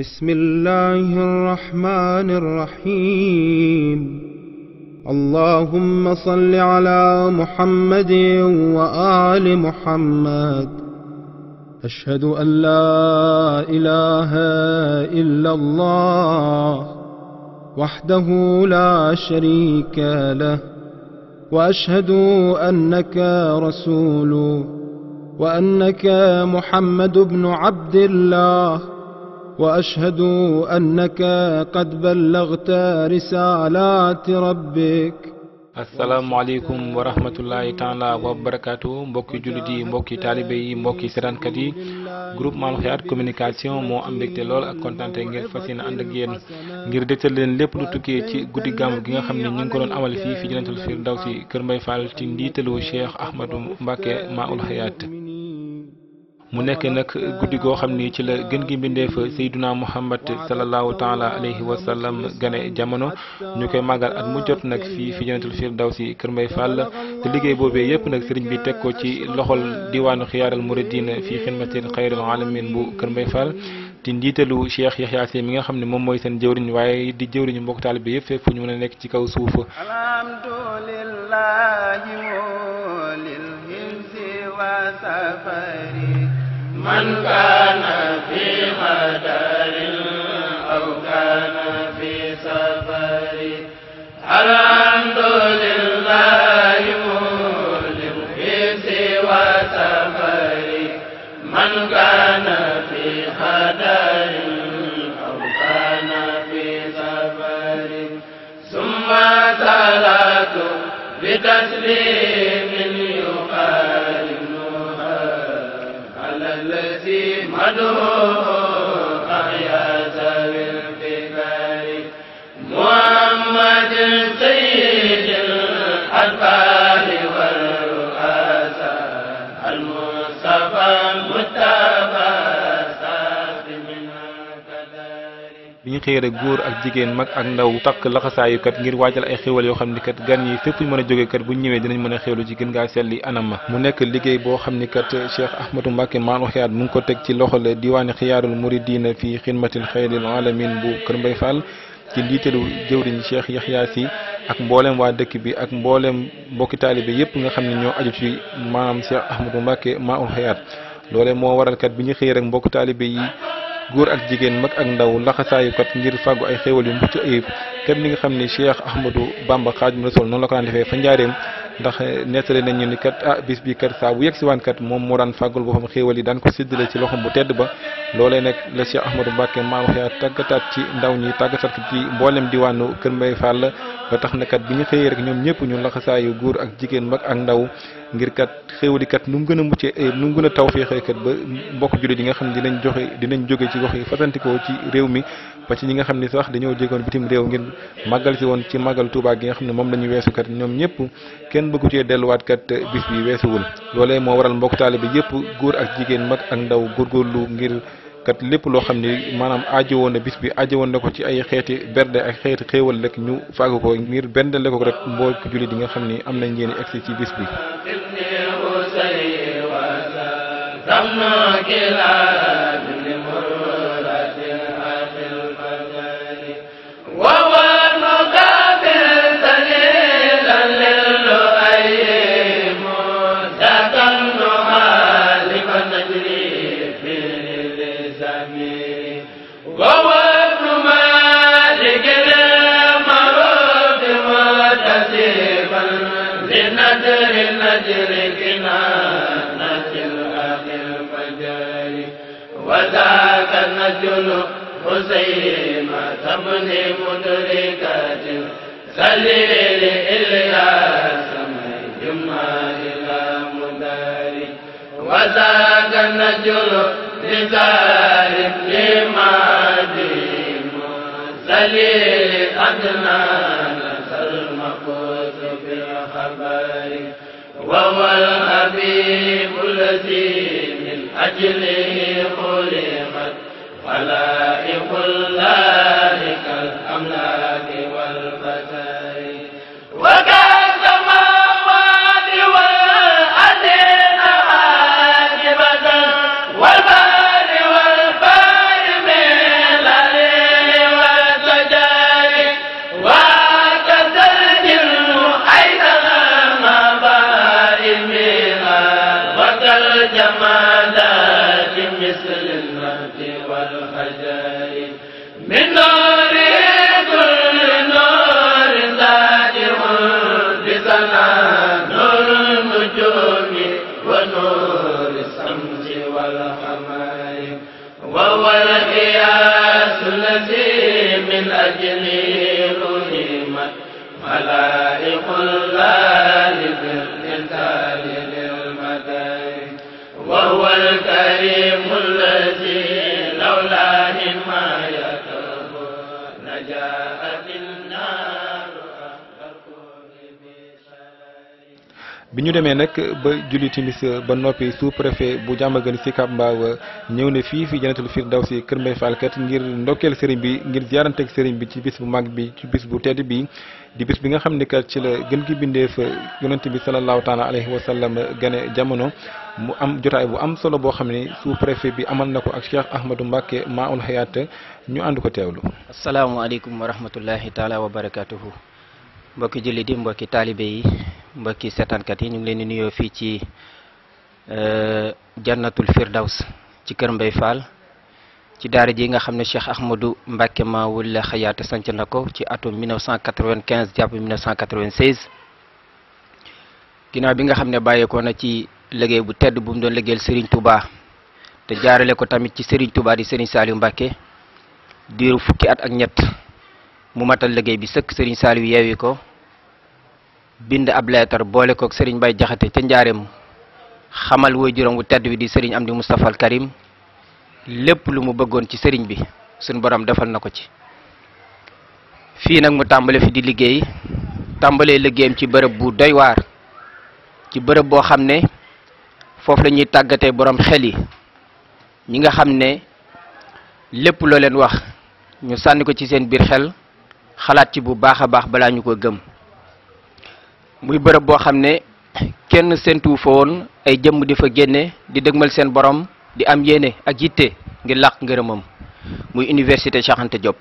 بسم الله الرحمن الرحيم اللهم صل على محمد وآل محمد أشهد أن لا إله إلا الله وحده لا شريك له وأشهد أنك رسول وأنك محمد بن عبد الله واشهد انك قد بلغت رسالات ربك السلام عليكم ورحمة الله تعالى وبركاته مبكي جلدي مبكي طالبي مبكي سران كدي جروب مال خيار كومينيكاسيون مو أمبكت لول أكونتان تنجير فسين أندجين غير ديتل لين لب لطوكي تي غودي غام غيان خمني نينكولون أمال في في جنة الفير داوسي كرمي فال تندي تلو شيخ أحمد مباكي ما أول حيات mu nekk nag guddi goo xam ni ci la gën gi mbindeef sayduna muhammad salallahu taala alayhi wa sallam gane jamono ñu koy màggal at mu jot nag fii fi janatul firdawsi Kër Mbay Fall te liggéey boobee yépp nag sëriñ bi teg ko ci loxol diwaanu xiyaaral muridin fii xidmatil xayril alamin bu Kër Mbay Fall di njiitalu Cheikh Yaxya Si mi nga xam ne moom mooy seen jëwriñ waaye di jëwriñu mbokk taalibe yépp fépp fu ñu mën a nekk ci kaw suuf من كان في خطر أو كان في سفر على أن لله مولم في سوى سفر من كان في خدر أو كان في سفر ثم صلاة بتسليم محمد dañuy rek góor ak jigéen mag ak ndaw takk laxasaayu kat ngir waajal ay xéwal yoo xam ni kat gan yi fépp ñu mën a jógee kat bu ñëwee dinañ mën a xéwlu ci gën ngaa selli anam mu nekk liggéey boo xam ni kat Cheikh Ahmadou Mbacké Manou Hayaat mu ngi ko teg ci loxol diwaani xiyaarul muridina fi xidmatil xayril alamin bu Kër Mbay Fall ci njiitalu jëwriñ Cheikh Yaxya Si ak mbooleem waa dëkk bi ak mbooleem mbokki taalibe yépp nga xam ne ñoo aju ci maanaam Cheikh Ahmadou Mbacké Manou Hayaat loole moo waral kat bi ñu xëy rek mbokk taalibe yi góor ak jigéen mag ak ndaw kat ngir fàggu ay xéewal yu mucc ayib kem li nga xam ne Cheikh Ahmadou Bamba Xaadimu Rasuul noonu la ko daan defee fa njaareem ndax eh, nettali nañu ni kat ah bis bi kat saa bu yegg si waan moom moo daan fàggul boppam xéewal yi daan ko séddale ci loxoom bu tedd ba loolee nag la Cheikh Ahmadou Mbacké maam xeex tàggataat ci ndaw ñi tàggataat ci mboolem diwaanu Kër Mbaye Fall ba tax na kat bi ñu xëyee rek ñoom ñëpp ñu laxasaayu góor ak jigéen mag ak ndaw ngir kat xéewali nu mu gën a muccee eh, nu mu taw a tawféexee kat ba mbokk jullit yi nga xam ne dinañ joxe dinañ jóge ci gox yi fasantikoo ci réew mi ba ci ñi nga xam ni sax dañoo jéegoon bitim réew ngir màggal si woon ci màggal Touba gi nga xam ne moom la ñu weesu kat ñoom ñëpp kenn bëggu cee delluwaat kat bis bi weesuwul loole moo waral mbokk taalibe yëpp góor ak jigéen mag ak ndaw góorgóorlu ngir kat lépp loo xam ni maanaam aajowoon na bis bi aajowoon na ko ci ay xeeti berde ak xeeti xéewal rek ñu faagu ko ngir bendale ko rek mbool ko jullit nga xam ni am nañ ngeen egsi ci bis bi tam na بنذر النجر كنانة الأخ الفجر وذاك النجل هزيمة بن مدركة خليل إلياس من جمع إلى مداري وذاك النجل لدار لمادي خليل أدنان وهو الحبيب الذي من أجله خلقت خلائق الله كالأملاك bi ñu demee nag ba julli timis ba noppi sous préfet bu jàmmagën si Kab Mbaaw ñëw na fii fi janatul firdaw si Kër Mbay Falkat ngir ndokkeel sëriñ bi ngir ziaranteeg sëriñ bi ci bis bu mag bi ci bis bu tedd bi di bis bi nga xam ni kat ci la gën gi bindeef yonent bi salallaahu taala alayhi wa sallam gane jamono mu am jotaay bu am solo boo xam ni sous préfet bi amal na ko ak Cheikh Ahmadou Mbacke Maoul Hayaat ñu ànd ko teewlu. asalaamaaleykum wa rahmatullahi taala wa barakatuhu mbokki jullit di mbokki taalibe yi mbokki seetaankat yi ñu ngi leen di nuyoo fii ci euh, jannatul firdaws ci kër Mbay Fall. ci daara ji nga xam ne Cheikh Ahmadou Mbacke Maawul Hayaat sanc na ko ci atum 1995 jàpp 1996 ginnaaw bi nga xam ne bàyyeekoo na ci liggéey bu tedd bu mu doon liggéeyal Serigne Touba te jaarale ko tamit ci Serigne Touba di Serigne Saliou Mbacke diiru fukki at ak ñett mu matal liggéey bi sëkk Serigne Saliou yeewi ko bind ab leetar boole koog Serigne Baye Jaxate ca njaareem xamal woy juróom wu tedd bi di am di Moustapha Al Karim lepp lu mu bëggoon ci sëriñ bi suñ borom defal nako ci fi nak mu fi di liggéey tàmbalee liggéeyam ci bërëb bu doy waar ci bërëb bo xam ne lañuy la borom xel yi ñi nga xam lepp lo leen wax ñu sanni ko ci seen biir xel xalaat ci bu baaxa baax bala ñu ko gëm muy bo kenn sentu fo won ay jëm di fa di dëgmal seen borom di am yéene ak yitte ngir làq ngërëmam muy université Cheikh Anta Diop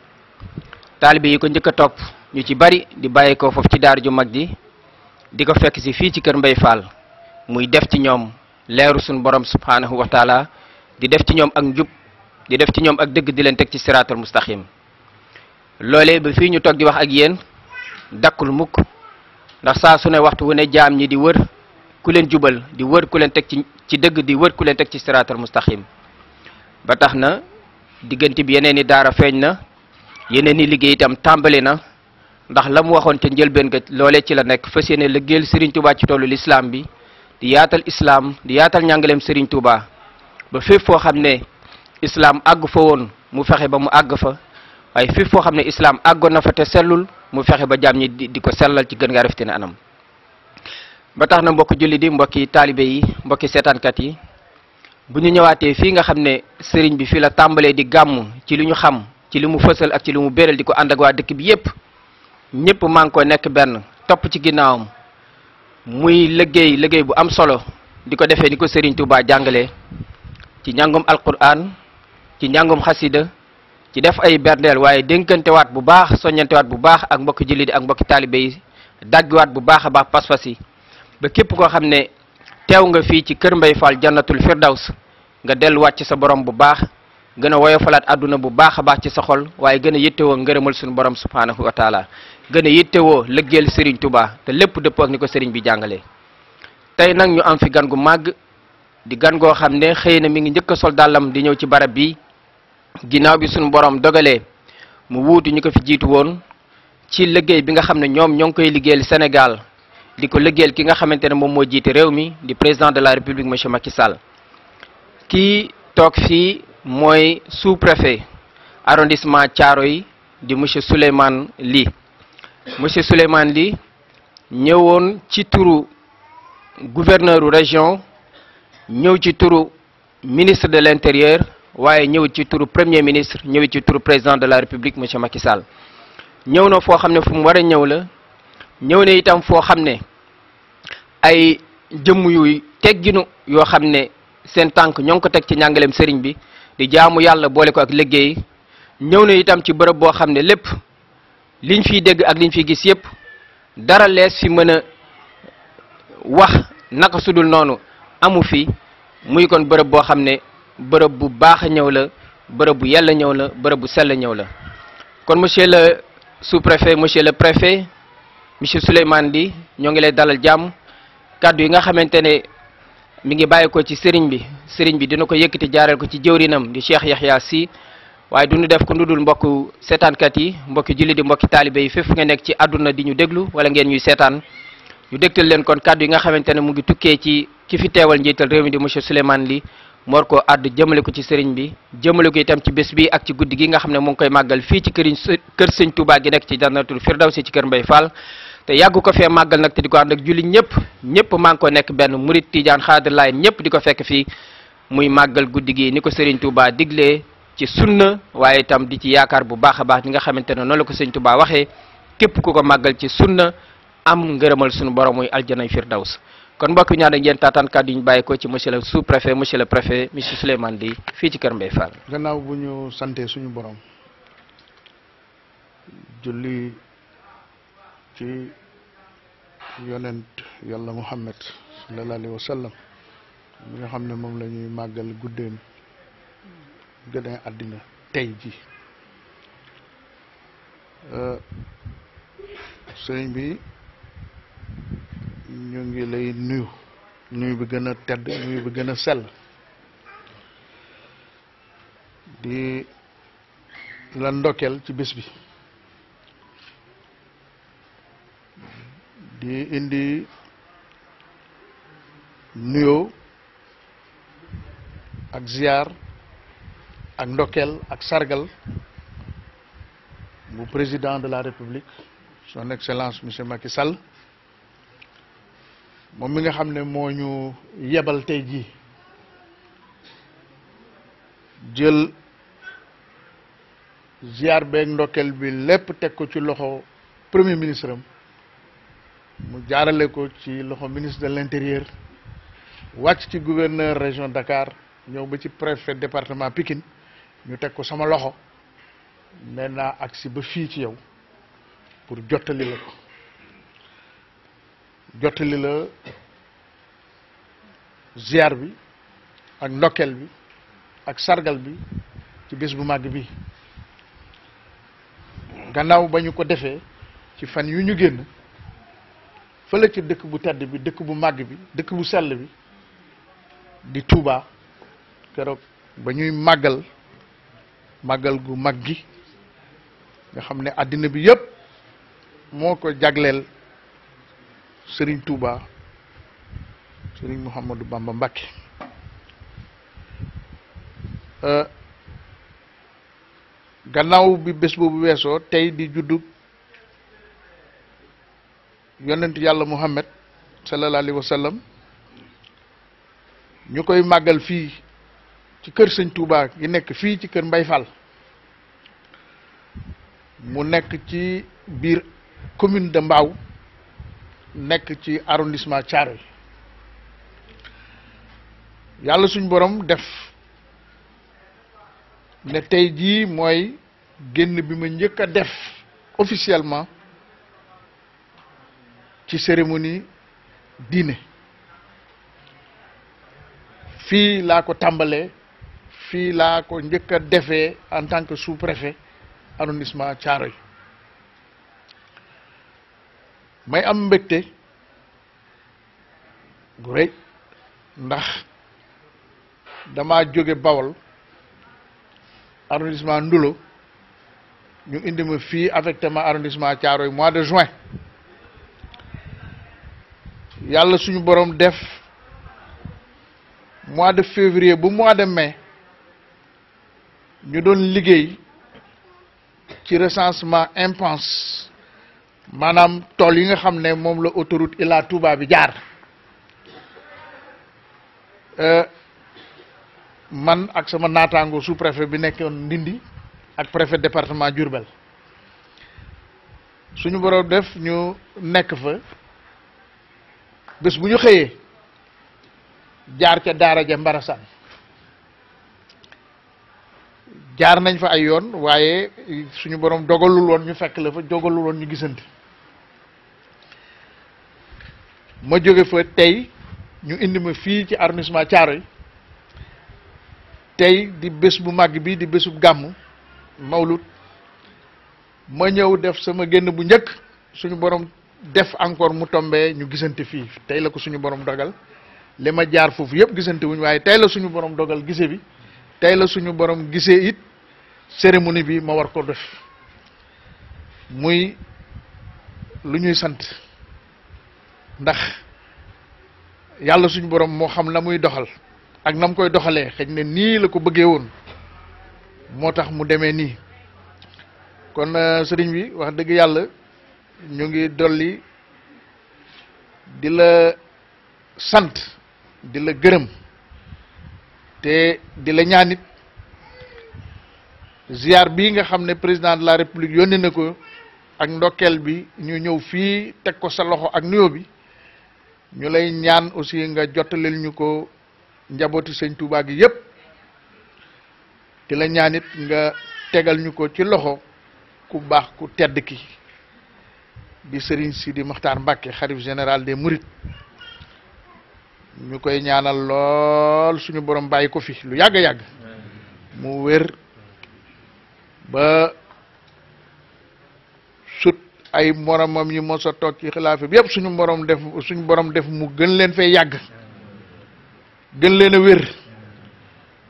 taalibe yi ko njëkk a topp ñu ci bari di bàyyi ko foofu ci daar ju mag ji di ko fekk si fii ci kër Mbay Fall muy def ci ñoom leeru suñu borom subhaanahu wa taala di def ci ñoom ak njub di def ci ñoom ak dëgg di leen teg ci siraatul mustaqim loolee ba fii ñu toog di wax ak yéen dakkul mukk ndax saa su ne waxtu wu ne jaam ñi di wër ku leen jubal di wër ku leen teg ci ci dëgg di wër ku leen teg ci siraatal mustaqim ba tax na diggante bi yeneen i daara feeñ na yeneen i liggéey itam tàmbali na ndax la mu waxoon ca njëlbeen ga loole ci la nekk fas yéene liggéeyal Serigne Touba ci tollu lislaam bi di yaatal islaam di yaatal njàngaleem Serigne Touba ba fépp foo xam ne islaam àgg fa woon mu fexe ba mu àgg fa waaye fépp foo xam ne islaam àggoon na fa te sellul mu fexe ba jaam ñi di ko sellal ci gën ngaa rafetee ne anam. ba tax na mbokk julli di mbokki talibé yi mbokki kat yi bu ñu ñëwaaté fi nga xamné sëriñ bi fi la tambalé di gamu, ci li ñu xam ci li mu ak ci li mu di ko ak wa dëkk bi yépp ñëpp ma ko nekk benn top ci ginaawum muy liggéey liggéey bu am solo di ko defee sëriñ Touba jàngalé ci ñangum alquran ci ñangum xasida ci def ay waye waaye wat bu baax wat bu baax ak mbokk julli di ak mbokk taalibe yi wat bu baax baax pass ba képp koo xam ne teew nga fii ci kër Mbay Fall jannatul firdaws nga delluwaat ci sa borom bu baax gën a woyofalaat àdduna bu baax a baax ci sa xol waaye gën a yittewoo ngërëmal suñu borom subhaanahu wa taala gën a yittewoo lëggeel sëriñ Touba te lépp dëppoo ak ni ko sëriñ bi jàngale tey nag ñu am fi gan gu màgg di gan goo xam ne xëy na mi ngi njëkk a sol dàllam di ñëw ci barab bi ginnaaw bi suñu borom dogalee mu wuutu ñu ko fi jiitu woon ci liggéey bi nga xam ne ñoom ñoo ngi koy liggéeyal Sénégal di leggel ki nga xamantene mom mo jité jiite réew mi di président de la république monsieur Macky Sall ki tok fi moy sous préfet arrondissement yi di monsieur Souleyman Li. monsieur Souleyman Li, ñëwoon ci turu gouverneur région ñëw ci turu ministre de l'intérieur waye ñëw ci turu premier ministre ñëw ci turu président de la république monsieur Macky Sall ñëw na foo xam fu mu wara a ñëw la ñëw na itam fo xam ne ay jëmm yuy tegginu yoo xam ne seen tànk ñoo ngi ko teg ci njàngaleem sëriñ bi di jaamu yàlla boole ko ak liggéey ñëw na itam ci bërëb boo xam ne lépp liñ fi dégg ak liñ fi gis yépp dara lees fi mën a wax naka sudul noonu amu fi muy kon bërëb boo xam ne bërëb bu baax ñëw la bërëb bu yàlla ñëw la bërëb bu sell ñëw la kon monsieur la sous-préfet monsieur le préfet monsieur Souleymane di ñoo ngi lay dalal jàmm kàddu yi nga xamante ne mu ngi bàyyi ko ci sëriñ bi sëriñ bi dina ko yëkkati jaareel ko ci jëwrinam di Cheikh Yaxya si waaye du nu def ko dul mbokku seetaankat yi mbokki julli di mbokki taalibe yi fépp nga nekk ci àdduna di ñu déglu wala ngeen ñuy seetaan ñu dégtal leen kon kàddu yi nga xamante ne mu ngi tukkee ci ki fi teewal njiital réew mi di monsieur Souleymane Ly mor ko àdd jëmale ko ci sëriñ bi jëmale ko itam ci bés bi ak ci guddi gi nga xam ne mu ngi koy màggal fii ci këriñ kër sëñ Touba gi nekk ci jannatul firdaws ci kër Mbay Fall te yàgg ko fee màggal nag te di ko ànd ak julli ñëpp ñëpp maa ngi ko nekk benn murit tijaan xaadir laay ñëpp di ko fekk fii muy màggal guddi gi ni ko Serigne Touba diglee ci sunna waaye itam di ci yaakaar bu baax a baax di nga xamante ne noonu la ko Serigne Touba waxee képp ku ko màggal ci sunna am ngërëmal sunu borom muy aljana firdaws kon mbokk ñaan ak ngeen taataan kàddu ñu bàyyi ko ci monsieur le sous préfet monsieur le préfet monsieur Souleymane Di fii ci Kër Fall. gannaaw bu ñu suñu borom julli ci yonent yàlla muhammad sallallahu alayhi wa sallam mi nga xam ne moom la ñuy màggal guddeem gën a àddina tey ji euh, sëriñ bi ñu ngi lay nuyu nuyu bi gën a tedd nuyu bi gën a sell di la ndokkeel ci bés bi di indi nuyoo ak ziar ak ndokkeel ak sargal bu président de la république son excellence monsieur Macky sal moom mi nga xam ne moo ñu yebal tey jii jël ziar beeg ndokkeel bi lépp teg ko ci loxo premier ministre am. mu jaarale ko ci loxo ministre de l'intérieur wàcc ci gouverneur région Dakar ñëw ba ci préfet département pikin ñu teg ko sama loxo nee naa si ba fii ci yow pour jottali la ko jottali la ziar bi ak ndokkeel bi ak sargal bi ci bés bu màgg bi gannaaw ba ñu ko defee ci fan yu ñu génn fele ci dekk bu tedd bi dekk bu mag bi dekk bu sel bi di Touba keroog ba ñuy magal magal gu maggi nga xam adina bi yëpp moko ko Serigne Touba Serigne mohammed Bamba Mbacké euh, gannaaw bi bés boobu weesoo tay di judduk yonent yàlla Muhammad sallallahu alayhi wa ñu koy màggal fii ci kër sëñ Touba gi nekk fii ci kër Mbay Fall mu nekk ci biir commune de Mbao nekk ci arrondissement Thiaroye yàlla suñ borom def ne tey jii mooy génn bi ma njëkk a def officiellement ci cérémonie diine fii laa ko tàmbalee fii laa ko njëkk a defee en tant que sous-préfet caaro Thiaroye may am mbégte gu rëy ndax dama jóge Bawol arrondissement Ndulo ñu indi ma fii affecté ma arrondissement Thiaroye mois de juin yàlla suñu borom def mois de février bu mois de mai ñu doon liggéey ci recensement impense maanaam tool yi nga xam ne moom la autoroute Ila Touba bi jaar euh, man ak sama naataango sous préfet bi nekkoon Ndindi ak préfet département Diourbel suñu borom def ñu nekk fa bes buñu xeyé jaar ca daara ja mbarasan jaar nañ fa ay yoon waaye suñu borom dogalul won ñu fekk la fa dogalul won ñu gisënt ma joggé fa tay ñu indi ma fi ci arrondissement Thiaroye tay di bes bu mag bi di bésub gamu, mawlut ma ñew def sama genn bu ñëk suñu borom def encore mu tombé ñu gisante fii tey la ko suñu borom dogal li ma jaar foofu yëpp gisante wuñ waaye tey la suñu borom dogal gise bi tey la suñu boroom gisee it cérémonie bi ma war ko def muy lu ñuy sant ndax yàlla suñu borom moo xam na muy doxal ak na mu koy doxalee xëy ne nii la ko bëggee woon moo tax mu demee nii kon euh, sëriñ bi wax dëgg yàlla. ñu ngi dolli di sant di la gërëm te di la ñaanit ziar bi nga xam ne président de la république yónni na ko ak ndokkeel bi ñu ñëw fii teg ko sa loxo ak nuyoo bi ñu lay ñaan aussi nga jottalil ñu ko njabooti sëñ gi yépp di la ñaanit nga tegal ñu ko ci loxo ku baax ku tedd ki di serigne sidi makhtar mbacke kharif general des mourides ñukoy ñaanal lol suñu borom bayiko fi lu yag yag mu wër ba sut ay moromam ñu mosa tok ci xilaafa bi yëpp suñu borom def suñu borom def mu gën leen fay yag gën leen wër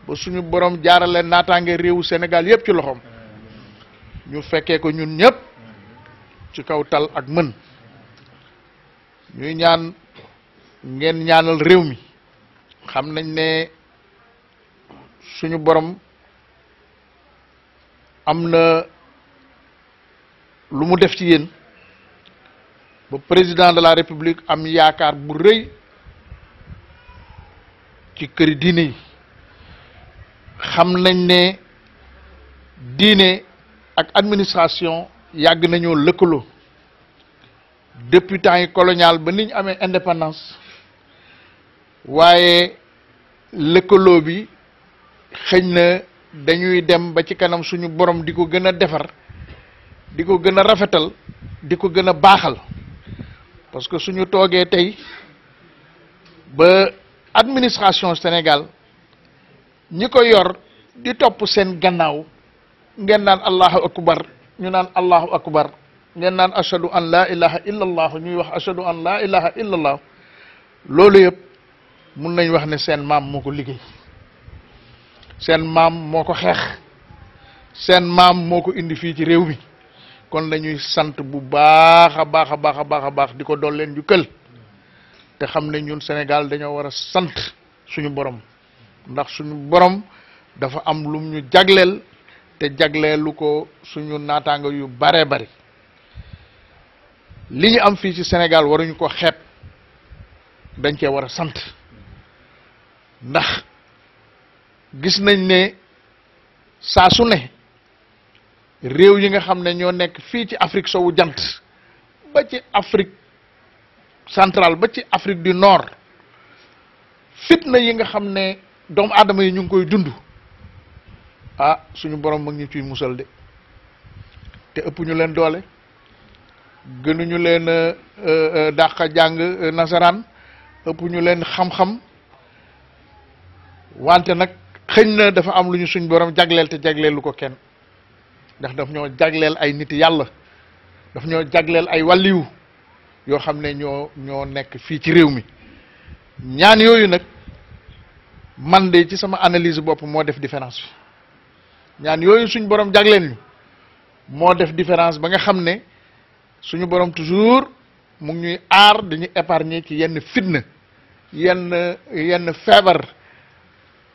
ba suñu borom jaarale natangé réewu Sénégal yëpp ci loxom ñu féké ko ñun ñëpp ci kaw tal ak mën ñuy ñaan ngeen ñaanal réew mi xam nañ ne suñu borom am na lu mu def ci yéen ba président de la république am yaakaar bu rëy ci këri diine xam nañ ne diine ak administration yàgg nañoo lëkkaloo depuis temps yi colonial ba niñ amee indépendance waaye lëkkaloo bi xëñ na dañuy dem ba ci kanam suñu borom di ko gën a defar di ko gën a rafetal di ko gën a baaxal parce que suñu toogee tey ba administration Sénégal ñi ko yor di topp seen gannaaw ngeen naan allahu akbar ñu naan allahu akbar ngeen naan ashadu an la ilaha illallah ñuy wax ashadu an la ilaha illallah loolu yëpp mun nañ wax ne seen maam moo ko liggéey seen maam moo ko xeex seen maam moo ko indi fii ci réew mi kon lañuy sant bu baax a baax a baax a baax a baax di ko dool leen te xam ne ñun Sénégal dañoo war a sant suñu borom ndax suñu borom dafa am lum ñu jagleel te jagleelu ko suñu naataango yu bare bari li ñu am fii ci Sénégal waruñu ko xeeb dañ cee war a sant ndax gis nañ ne saa su ne réew yi nga xam ne ñoo nekk fii ci Afrique sowu jant ba ci Afrique central ba ci Afrique du Nord fitna yi nga xam ne doomu adama yi ñu ngi koy dund ah suñu borom mag ñu ciy musal de te ëpp ñu leen doole gënuñu leen euh, euh, euh, dàqa jàng nasaraan ëpp ñu leen xam-xam wante nag xëñ na dafa am lu ñu suñ borom jagleel te jagleel lu ko kenn ndax daf ñoo jagleel ay nit yàlla daf ñoo jagleel ay wàlliwu yoo xam ne ñoo ñoo nekk fii ci réew mi ñaan yooyu nag man de ci sama analyse bopp moo def différence ñaan yooyu suñ borom jagleen ñu moo def différence ba nga xam ne suñu borom toujours mu ngi ñuy aar dañuy épargner ci yenn fitna yenn yenn feebar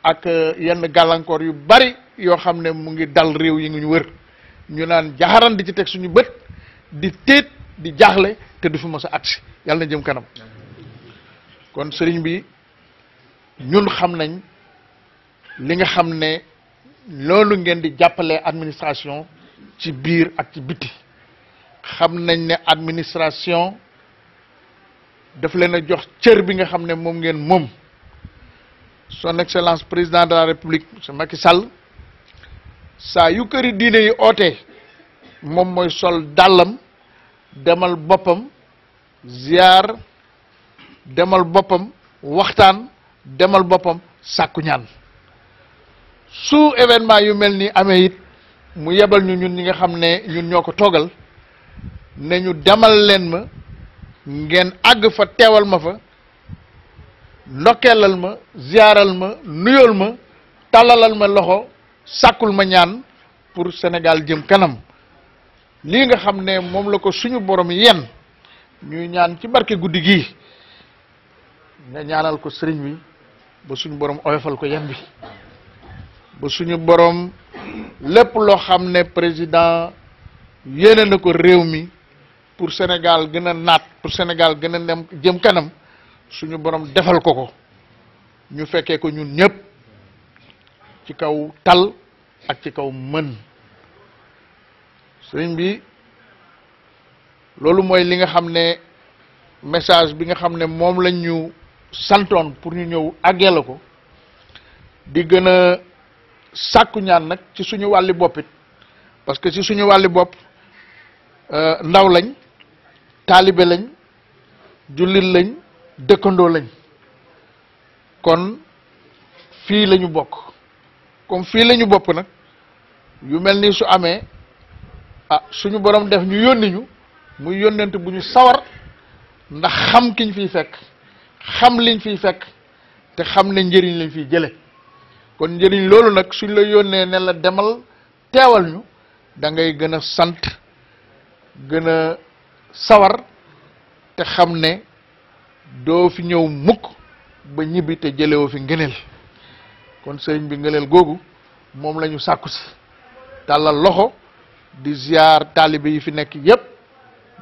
ak euh, yenn gàllankoor yu bari yoo xam ne mu ngi dal réew yi ñu wër ñu naan jaxaran di ci teg suñu bët di téet di jaaxle te du fi mos a agsi yàlla na jëm kanam kon sëriñ bi ñun xam nañ li nga xam ne loolu ngeen di jàppale administration ci biir ak ci biti xam nañ ne administration daf leen a jox cër bi nga xam ne moom ngeen moom son excellence président de la république monsieur Macky Sall saa yu këri diine yi ootee moom mooy sol dàllam demal boppam ziar demal boppam waxtaan demal boppam sàkku ñaan su événement yu mel ni amee it mu yebal ñu ñun ñi nga xam ne ñun ñoo ko toogal ne ñu demal leen ma ngeen àgg fa teewal ma fa ndokkeelal ma ziyaaral ma nuyool ma tàllalal ma loxo sàkkul ma ñaan pour Sénégal jëm kanam lii nga xam ne moom la ko suñu borom yen ñuy ñaan ci barke guddi gii nga ñaanal ko sëriñ bi ba suñu borom oyofal ko yenn bi ba suñu borom lépp loo xam ne président yéene na ko réew mi pour Sénégal gën a naat pour Sénégal gën a dem jëm kanam suñu borom defal ko ko ñu fekkee ko ñun ñëpp ci kaw tal ak ci kaw mën sëriñ bi loolu mooy li nga xam ne message bi nga xam ne moom lañ ñu santoon pour ñu ñëw àggee la ko di gën sàkku ñaan nag ci suñu wàlli boppit parce que ci suñu wàlli bopp euh, ndaw lañ taalibe lañ jullit lañ dëkkandoo lañ kon fii lañu bokk comme fii lañu bopp nag yu mel nii su amee ah suñu boroom def ñu yónni ñu muy yónnent bu ñu sawar ndax xam kiñ fiy fekk xam liñ fiy fekk te xam ne njëriñ lañ fiy jële kon njëriñ loolu nag suñ la yónnee ne la demal teewal ñu da ngay gën a sant gën a sawar te xam ne doo fi ñëw mukk ba ñibbi te jëlewoo fi ngëneel kon sëriñ bi ngëneel googu moom lañu sàkku si tàllal loxo di ziar taalibe yi fi nekk yépp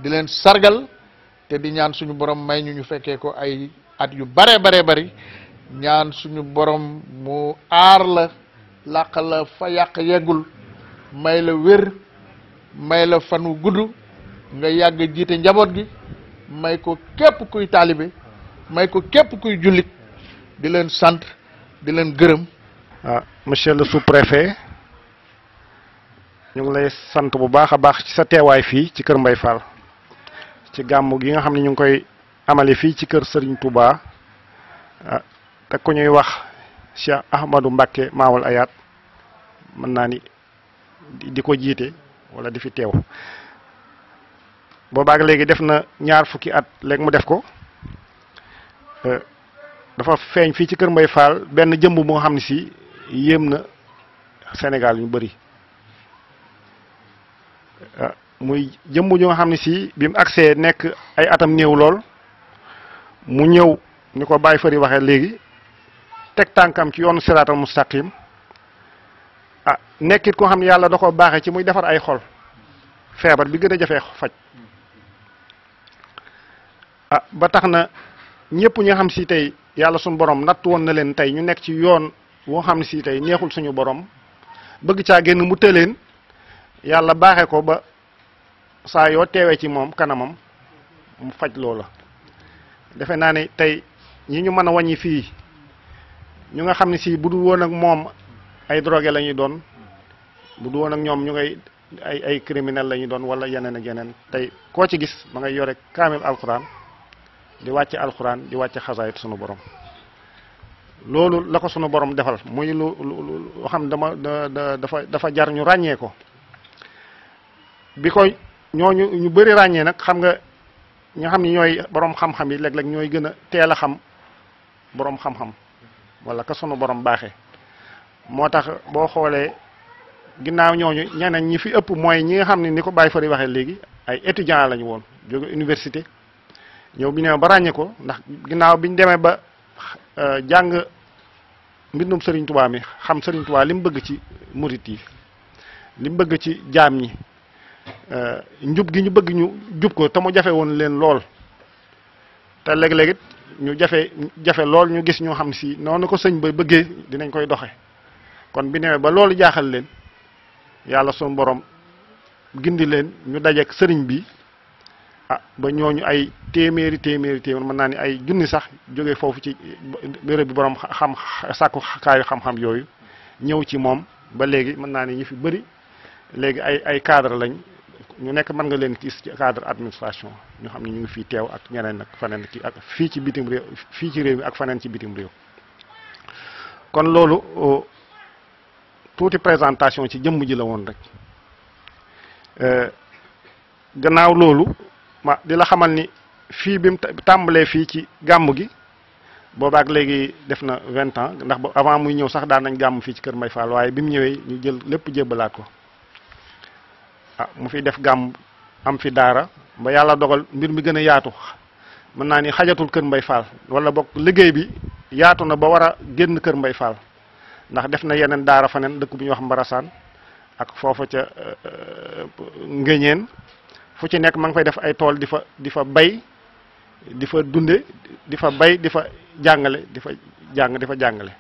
di leen sargal te di ñaan suñu borom may ñu ñu fekkee ko ay at yu bare bare bari ñaan suñu borom mu aar la làq la fa yàq yeggul may la wér may la fan wu gudd nga yàgg jiite njaboot gi may ko képp kuy taalibe may ko képp kuy jullit di leen sant di leen gërëm ah monsieur le sous-préfet ñu ngi lay sant bu baax a baax ci sa teewaay fii ci kër Mbay Fall ci gàmmu gi nga xam ne ñu ngi koy amale fii ci kër sëriñ Touba ah te ku ñuy wax Cheikh Ahmadou Mbacke Maawul Ayaat mën naa ni di ko jiite wala di fi teew boobaag léegi def na ñaar fukki at léegi mu def ko euh, dafa feeñ fii ci Kër Mbay Fall benn jëmb moo xam ne si yéem na senegal ñu bari euh, muy jëmb ñoo xam ne si bi mu agsee nekk ay atam néew lool mu ñëw ni ko Baye Fari waxee léegi tek tankam ci yoonu siratal mustaqim ah nekkit ko xamni yalla yàlla da ko baaxee ci muy defar ay xol febar bi gëna jafé jafee ah ba taxna ñepp ñu xam ci tay yalla suñu borom nat won na leen tay ñu nekk ci yoon wo xam ci tay neexul suñu borom bëgg caa génn mu tëleen yalla baxé ko ba sa yo téwé ci mom kanamam mu faj loola defé naani tay ñi ñu mëna wañi fii ñu nga xamni ci si bu dul won ak mom ay drogué la doon bu dul won ak ñom ñu ngay ay ay criminel la doon wala yenen ak yenen tay ko ci gis ma ngay yore kamil alquran di wacc alquran di wacc xasaayit sunu borom loolu la ko sunu borom defal muy lu xam dama dafa dafa jar ñu ragné ko biko ñoñu ñu bëri ragné nak xam nga ñi xam ni ñoy borom xam-xam yi leg léeg ñoy gëna téla xam borom xam-xam wala ka sunu borom baaxee moo tax boo xoolee ginnaaw ñooñu ñeneen ñi fi ëpp mooy ñi nga xam ne ni ko Baye Fary waxee léegi ay étudiants lañu woon jóge université ñëw bi ñëw ba ràññee ko ndax ginnaaw bi ñu demee ba euh, jàng mbindum Serigne Touba mi xam Serigne Touba li mu bëgg ci murit yi li mu bëgg ci jaam ñi euh, njub gi ñu bëgg ñu jub ko te mu jafe woon leen lool te léeg-léeg ñu jafe jafe lool ñu gis ñoo xam si noonu ko sëñ ba bëggee dinañ koy doxe kon bi newee ba loolu jaaxal leen yàlla suñu borom gindi leen ñu dajeek sëriñ bi ah ba ñu ay téeméeri téeméeri téeméer mën naa ni ay junni sax jóge foofu ci béréb bi borom xam sàkku kaayu xam-xam yooyu ñëw ci moom ba léegi mën naa ni ñu fi bëri léegi ay ay cadre lañ ñu nekk mën nga leen gis ci cadre administration ñu xam ne ñu ngi fii teew ak ñeneen ak faneen ci ak fii ci bitim réew fii ci réew mi ak faneen ci bitim réew kon loolu tuuti présentation ci jëmm ji la woon rek e, gannaaw loolu ma di la xamal ni fii bi mu tàmbalee fii ci gàmm gi boobaak léegi def na vingt ans ndax ba avant muy ñëw sax daan nañ gàmm fii ci Kër Mbay Fall waaye bi mu ñëwee ñu jël lépp jébbalaat ko Ah, mu fi def gam am fi dara ba yalla dogal mbir mi gëna yaatu man na ni xajatul kër mbay fall wala bok liggey bi yaatu na ba wara genn kër mbay fall ndax def na yenen dara fanen dekk bu ñu wax mbarasan ak fofu ca euh, ngeñen fu ci nek ma ngi fay def ay tol difa difa bay difa dundé dunde bay difa jangalé difa jang difa jangalé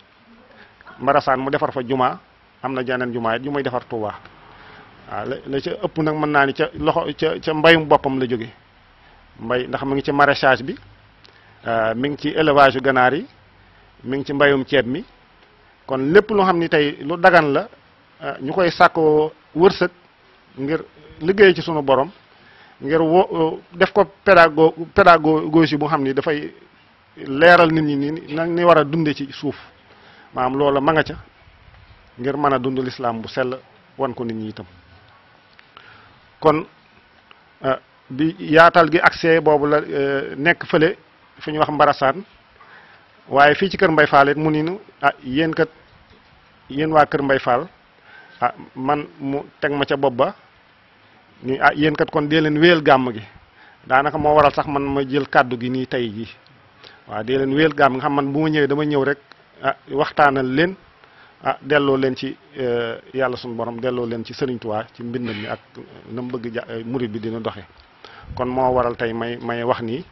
mbarasan mu defar fa juma amna na juma juma defar tuwa waaw la ca ëpp nag mën naa ni ca loxo ca ca mbayum boppam la jóge mbay ndax mu ngi ci maraîchage bi euh, mi ngi ci élevage yu ganaar yi mi ngi ci mbayum ceeb mi kon lépp loo xam ni tey lu dagan la euh, ñu koy sàkkoo wërsëg ngir liggéey ci sunu borom ngir wo euh, def ko pédago pédagogie bu xam ni dafay leeral nit ñi ni nag ni war a dunde ci suuf maanaam loola ma nga ca ngir mën a dund lislaam bu sell wan ko nit ñi itam kon bi eh, yaatal gi accès boobu la eh, nekk fële fi ñu wax Mbarasaan waaye fii ci kër Mbay Faal it mu nu ah yéen kat yéen waa kër Mbay Faal ah, man mu teg ma ca bopp ni ah yéen kat kon dee leen wéyal gàmm gi daanaka moo waral sax man ma jël kàddu gi nii tey gi waaw dee leen wéyal gàmm nga xam man bu ma ñëwee dama ñëw rek ah waxtaanal ah delloo leen ci eh, yàlla suñu borom delloo leen ci Sëriñ Tuubaa ci mbind mi ak na bëgg ja eh, murit bi dina doxe kon moo waral tey may may wax nii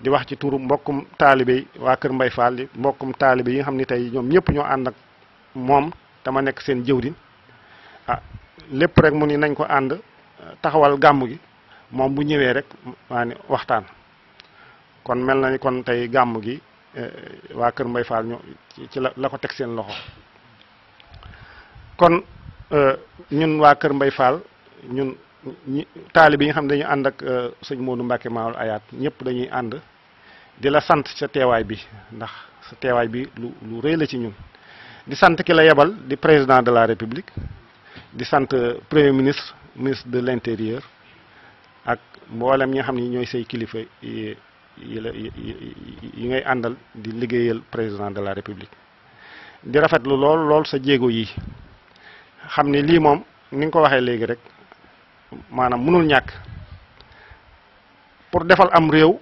di wax ci tuuru mbokkum taalibe yi waa Kër Mbay Fall yi mbokkum taalibe yi nga xam ni tey ñoom ñëpp ñoo ànd ak moom dama nekk seen jëwriñ ah lépp rek mu ni nañ ko ànd taxawal gàmm gi moom bu ñëwee rek maa ni waxtaan kon mel na ni kon tey gàmm gi eh, waa Kër Mbay Fall ci la la ko teg seen loxo. kon euh, ñun waa Kër Mbay Fall ñun ñi taalibe yi nga xam ne dañu ànd ak euh, sëñ Modou Mbacke Maoul Hayaat ñëpp dañuy ànd di la sant sa teewaay bi ndax sa teewaay bi lu lu rëy la ci ñun di sant ki la yebal di président de la république di sant euh, premier ministre ministre de l' intérieur ak mboolem ñi nga xam ne ñooy say kilifa yi la yi ngay àndal di liggéeyal président de la république di rafetlu lool lool sa jéego yi. xam ni lii moom ni nga ko waxee léegi rek maanaam mënul ñàkk pour defal am réew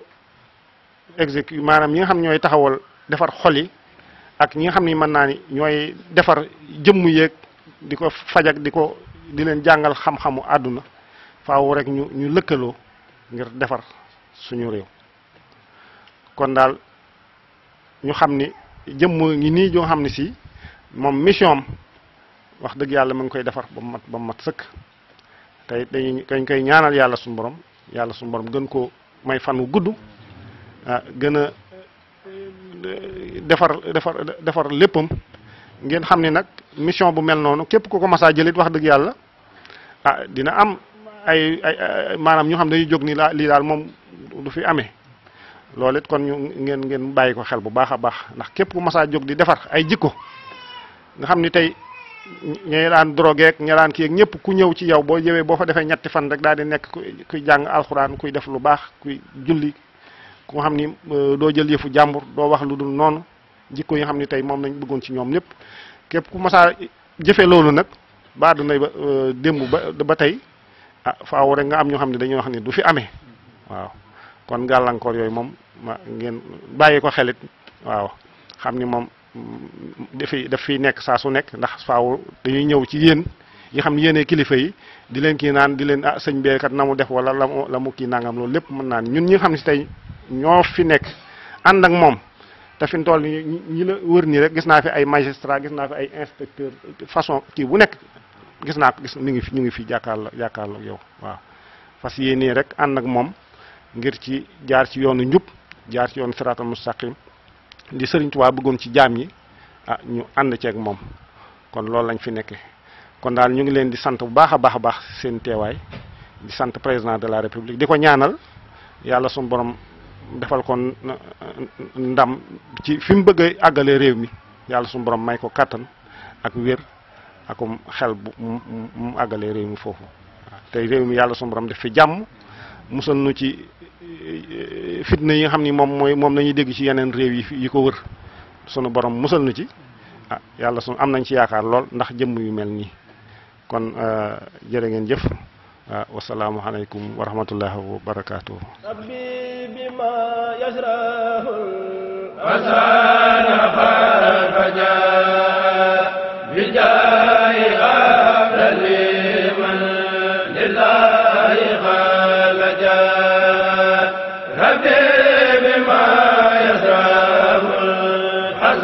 exécu maanaam ñi nga xam ñooy taxawal defar xol ak ñi nga xam ni mën naa ni ñooy defar jëmm yéeg di ko fajak di ko di leen jàngal xam-xamu àdduna faaw rek ñu ñu lëkkaloo ngir defar suñu réew kon daal ñu xam ni jëmm ngi nii joo xam ne si moom mission wax deug yalla mang koy defar ba mat ba mat seuk tay dañ koy ñaanal yalla suñu borom yalla suñu borom gën ko may fanu guddu ah, gëna eh, defar defar defar leppam ngeen xamni nak mission bu mel nonu kep ku ko masaa jëlit wax deug yalla ah dina am ay manam ñu xam dañu jog ni li dal mom du fi amé lolit kon ñu ngeen ngeen bayiko xel bu baaxa baax ndax kep ku massa jog di defar ay jikko nga xamni tay ñi daan drogué ak daan kii ak ñëpp ku ñëw ci yow boo jëwee boo fa defee ñetti fan rek daal di nekk kuy jàng alxuraan kuy def lu baax kuy julli ku xam ni euh, doo jël yëfu jàmbur doo wax lu dul noonu jikko yi xam ni tey moom lañ bëggoon ci ñoom ñëpp képp ku masaa jëfe loolu nag ba àdduna ba euh, démb ba ba tey ah faaw rek nga am ñoo xam ne dañuy wax ni du fi amee waaw kon gàllankoor yooyu moom ma bàyyi ko xelit waaw xam ni moom dafi daf fiy nekk saa su nekk ndax faaw dañuy ñëw ci yéen yi xam yéenee kilifa yi di leen kii naan di leen ah sëñ bee kat na mu def wala la mu la mu kii nangam loolu lépp mën naa ñun ñi xam ni si tey ñoo fi nekk ànd ak moom te fi mu toll nii ñi la wër nii rek gis naa fi ay magistrat gis naa fi ay inspecteur façon kii bu nekk gis naa ko gis ñu ngi fi ñu ngi fi jàkkaarloo jàkkaarloo yow waaw fas yéenee rek ànd ak moom ngir ci jaar ci yoonu njub jaar ci yoonu siraatal mustaqim li Sëriñ Tuubaa bëggoon ci jaam yi ah ñu ànd ceeg moom kon loolu lañ fi nekke kon daal ñu ngi leen di sant bu baax a baax baax seen teewaay di sant président de la république di ko ñaanal yàlla suñu borom defal ko ndam ci fi mu bëgg a àggale réew mi yàlla suñu borom may ko kàttan ak wér akum xel bu mu àggale réew mi foofu waaw tey réew mi yàlla suñu borom fi jàmm musal nu ci Eh, eh, fitna yi nga xam ni moom mooy moom la ñuy dégg ci yeneen réew yi yi ko wër sunu borom musal na ci ah yàlla sunu am nañ ci yaakaar lool ndax jëmm yu mel nii kon euh, jërë ngeen jëf ah, wasalaamu aleykum wa rahmatullahi wa barakaatuhu bi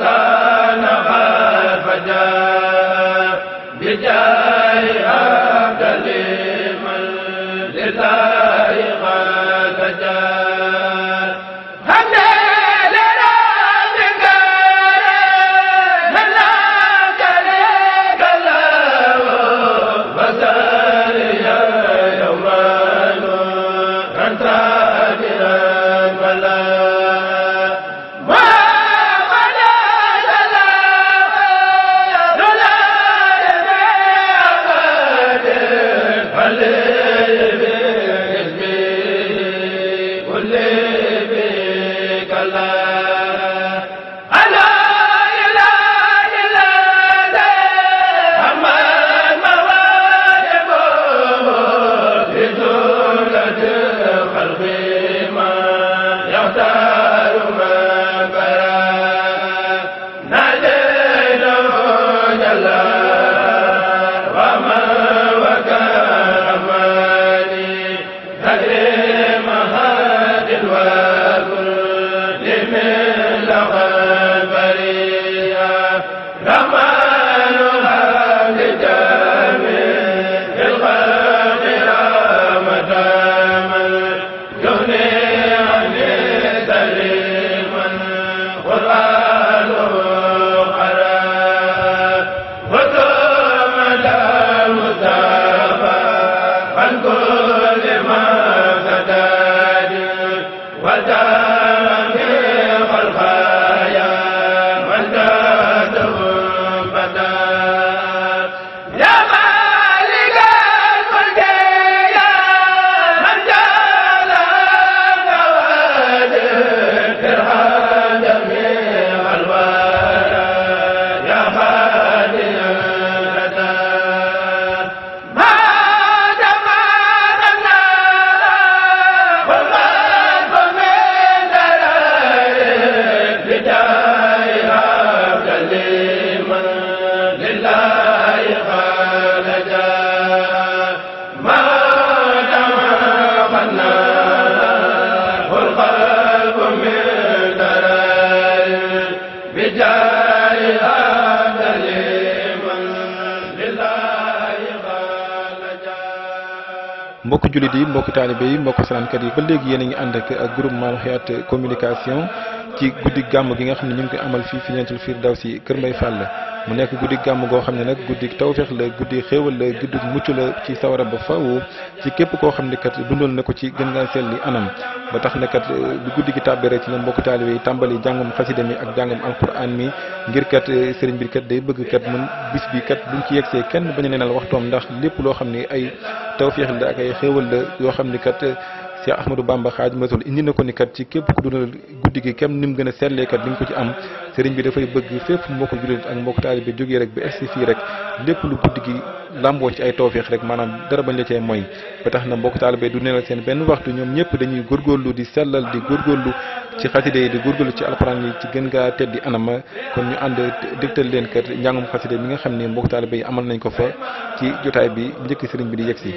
Allah jullit yi mbokki taalibe yi mbokki salaankat yi ba léegi yéen a ngi ànd ak groupement Hayat communication ci guddi gàmm gi nga xam ne ñu ngi koy amal fii fi ñeentul Firdawsi Kër Mbay Fall mu nekk guddi gàmm goo xam ne nag guddi tawféex la guddi ci ko bu euh, guddi gi tàbbere ci la mbokk taalibe yi tàmbali jàngum xasida mi ak jàngum alquran mi ngir kat euh, sëriñ bi kat day bëgg kat mun bis bi kat buñ ci yegsee kenn bañ a neenal waxtoom ndax lépp loo xam ne ay tew tawféex la ak ay xéewal yoo xam ni kat Cheikh Ahmadou Bamba Xaadimu Rasuul indi na ko ni kat ci képp ku dundal guddi gi kem ni mu gën a sellee kat di nga ko ci am serigne bi da fay bëgg fepp moko jullit ak moko taalibe bi jógee rek bi egsi fi rek lépp lu guddi gi làmboo ci ay tawféex rek manam dara bañ la cey moy ba tax na mbokk taalibe du neena seen benn waxtu ñom ñepp dañuy gorgolu di selal di gorgolu ci khatide di gorgolu ci alxuraan yi ci gën nga teddi anama kon ñu and dektal leen kër ñangum khatide mi nga xamné ne mbokk yi amal nañ ko fa ci jotaay bi ñëk serigne bi di yegg si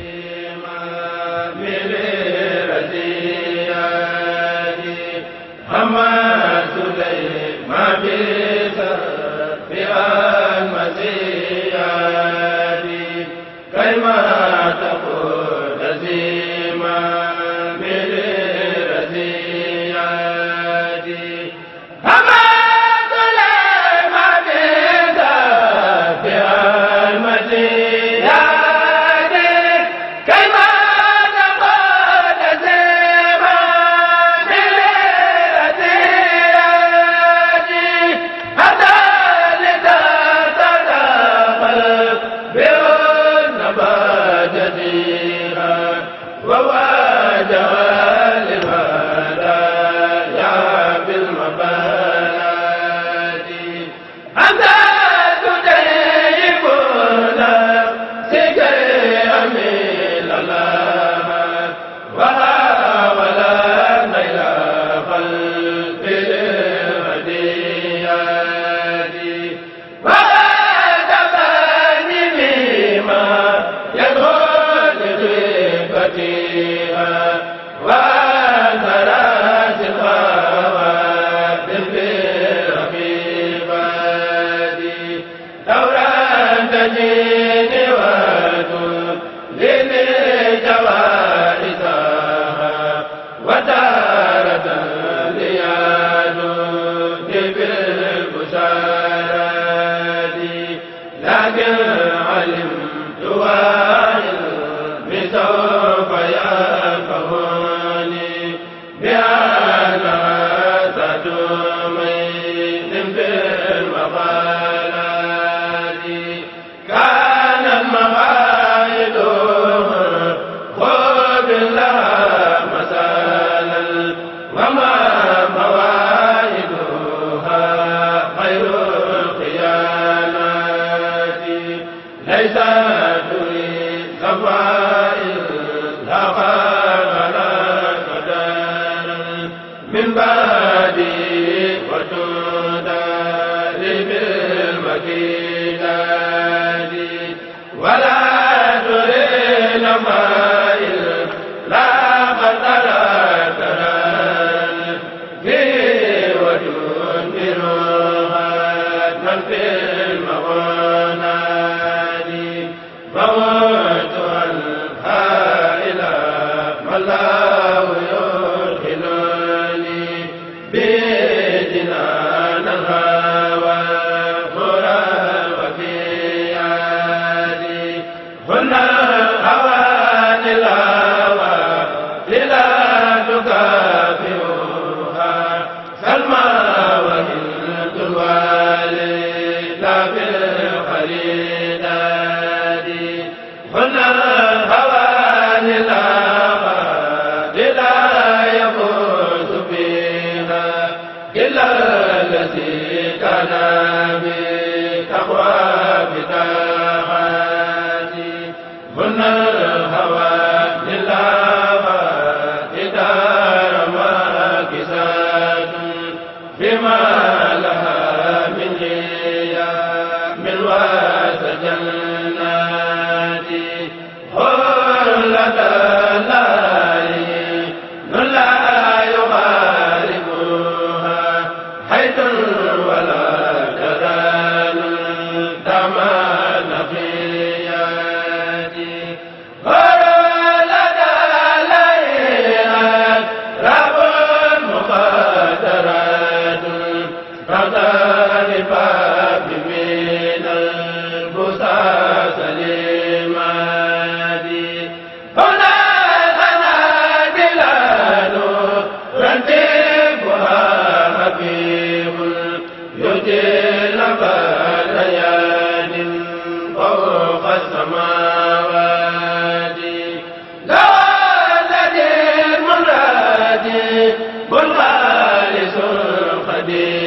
Dev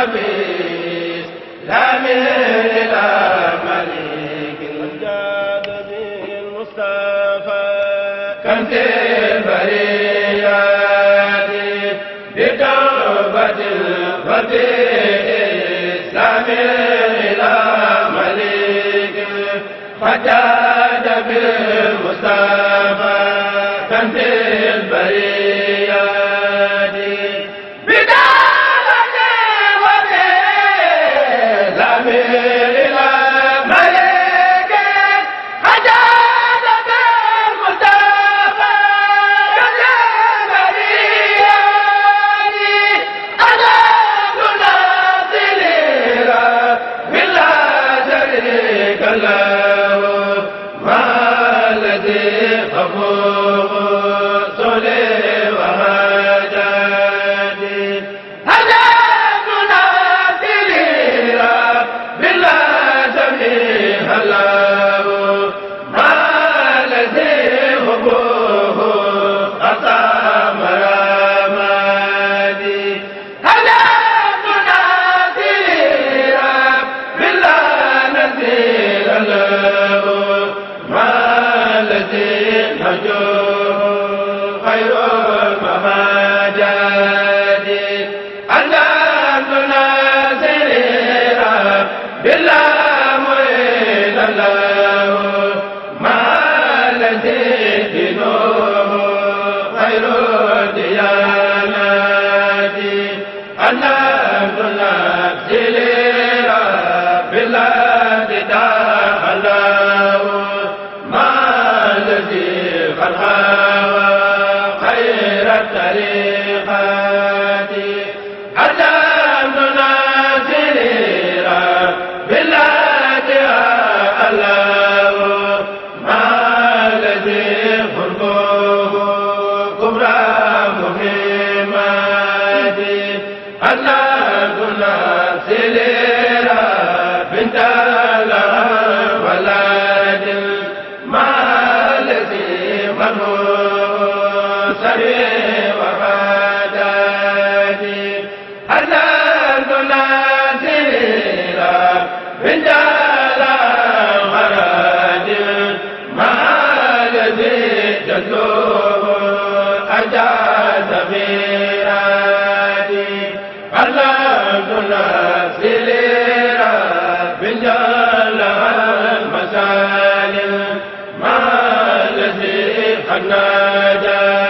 فتاد بالمصطفى كنت البريد Allah قد نادى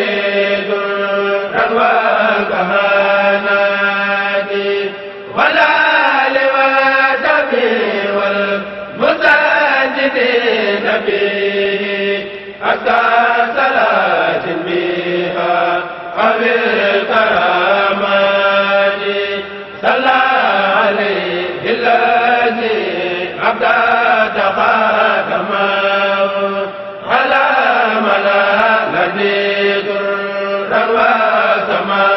والمساجد نبي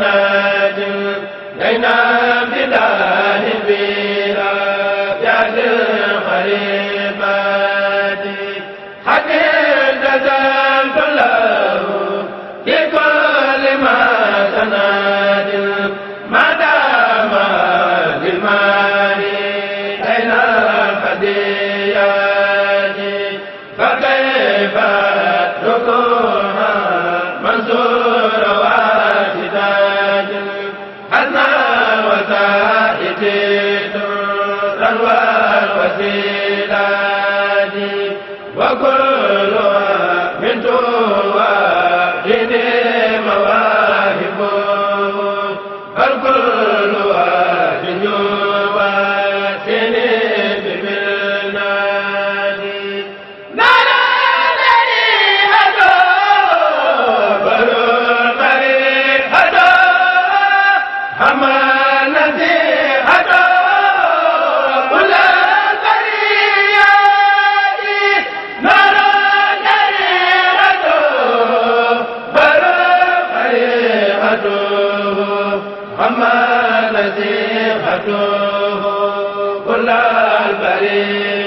لنا دينا بلا Parei.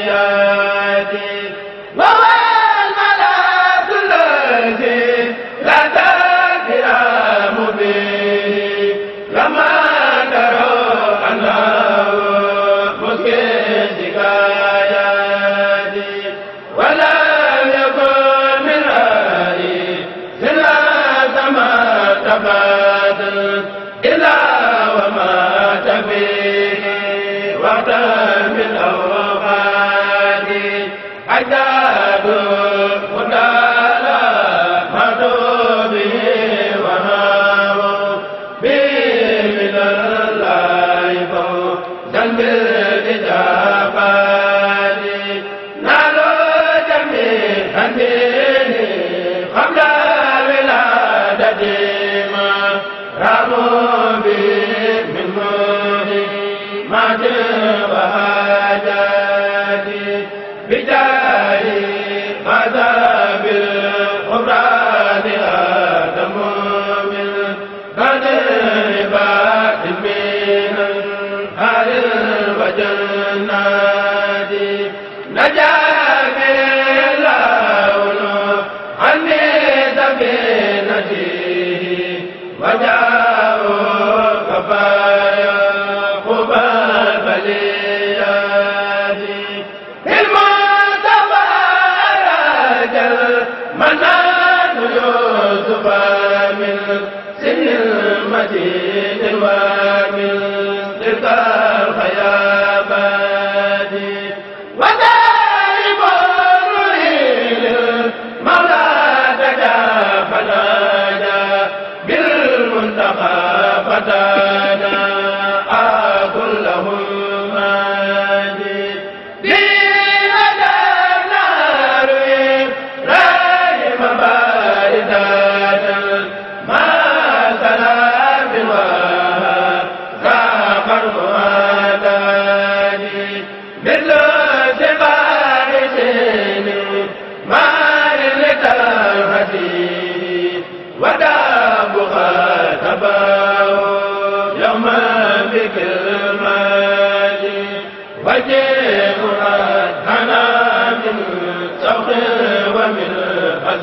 الصفا من سن المدين الوامل تلك الحياه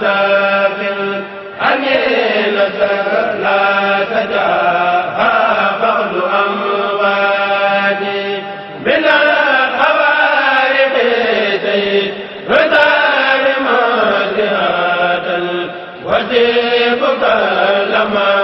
العذاب الأمينة لا تجاهى بعد أموالي من الحوارب زيد ودار ما جهادا وجيبك لما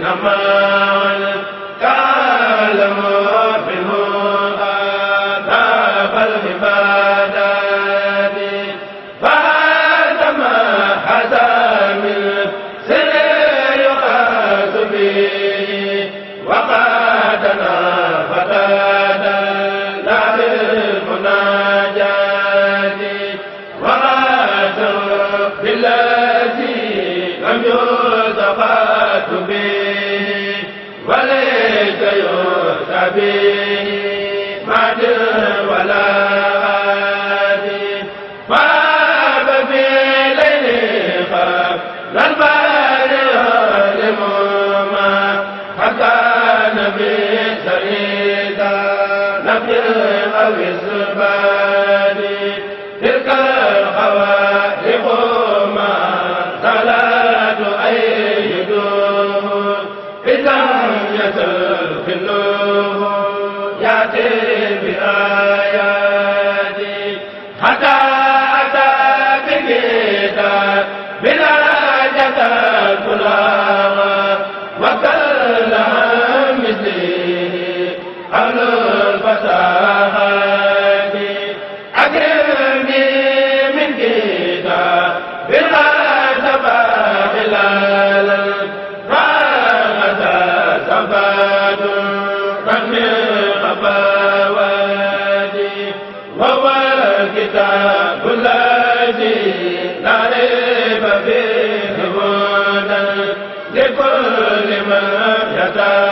la به وليس يؤتى به ما ولا غادي غاب في ليل خاف للبال يظلمهما حتى نبي سريدا نبي أو السباب Allah يتبنى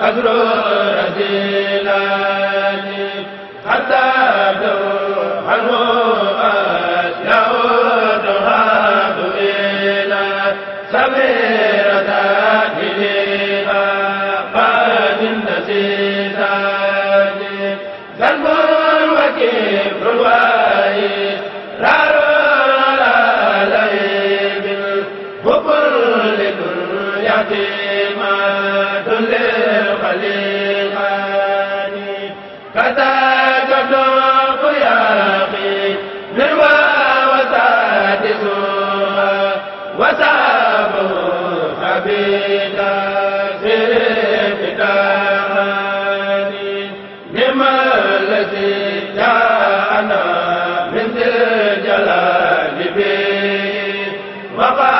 أجر yaa Bye-bye.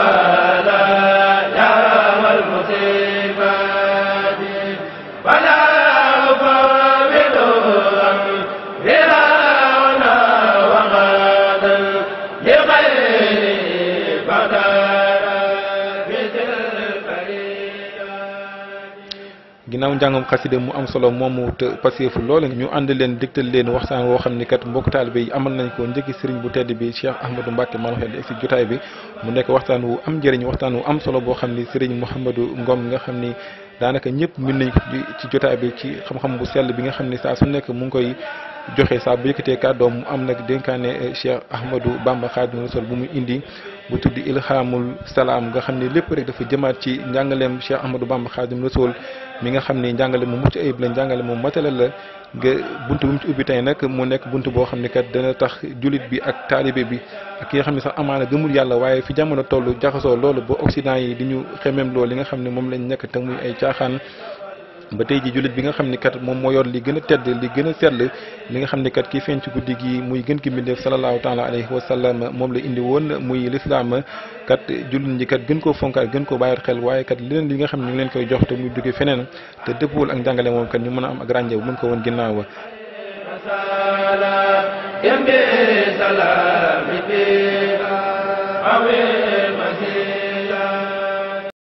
Bye. njàngum xasida mu am solo moomu te paseefu loole ñu ànd leen dégtal leen waxtaan woo xam ni kat mbokk taal bi amal nañ ko njëkki sëriñ bu tedd bi Cheikh Ahmadou Mbacke Maodo si jotaay bi mu nekk waxtaan wu am njëriñ waxtaan wu am solo boo xam ni sëriñ Mouhamadou Ngom nga xam ni daanaka ñëpp mën nañ ci jotaay bi ci xam-xam bu sell bi nga xam ni saa su nekk mu ngi koy joxe saa bu yëkkatee kàddoom mu am nag dénkaane eh, Cheikh Ahmadou Bamba Xaadimu sol bu mu indi bu tudd ilhaamul salaam nga xam ne lépp rek dafa jëmaat ci njàngaleem Cheikh Ahmadou Bamba Xaadim Rasul mi nga xam ne njàngale mu mucc ayib la njàngale mu matale la nga bunt bu mu ci ubbi tey nag mu nekk bunt boo xam ne kat dana tax jullit bi ak taalibe bi ak ki nga xam ne sax amaana gëmul yàlla waaye fi jamono tollu jaxasoo loolu ba Occident yi di ñu xemmeem loolu li nga xam ne moom lañ nekk te muy ay caaxaan ba tey ji jullit bi nga xam ni kat moom moo yor li gën a tedd li gën a sell li nga xam ni kat ki feeñ ci guddi gi muy gën ki mbindeef salallaahu taala alayhi wa sallam moom la indi woon muy lislaam kat jullit ñi kat gën koo fonkaat gën ko bàyyi xel waaye kat leneen li nga xam ne ñu leen koy jox te muy jóge feneen te dëppwul ak njàngale moom kat ñu mën a am ak ràññee bu mën ko woon ginnaaw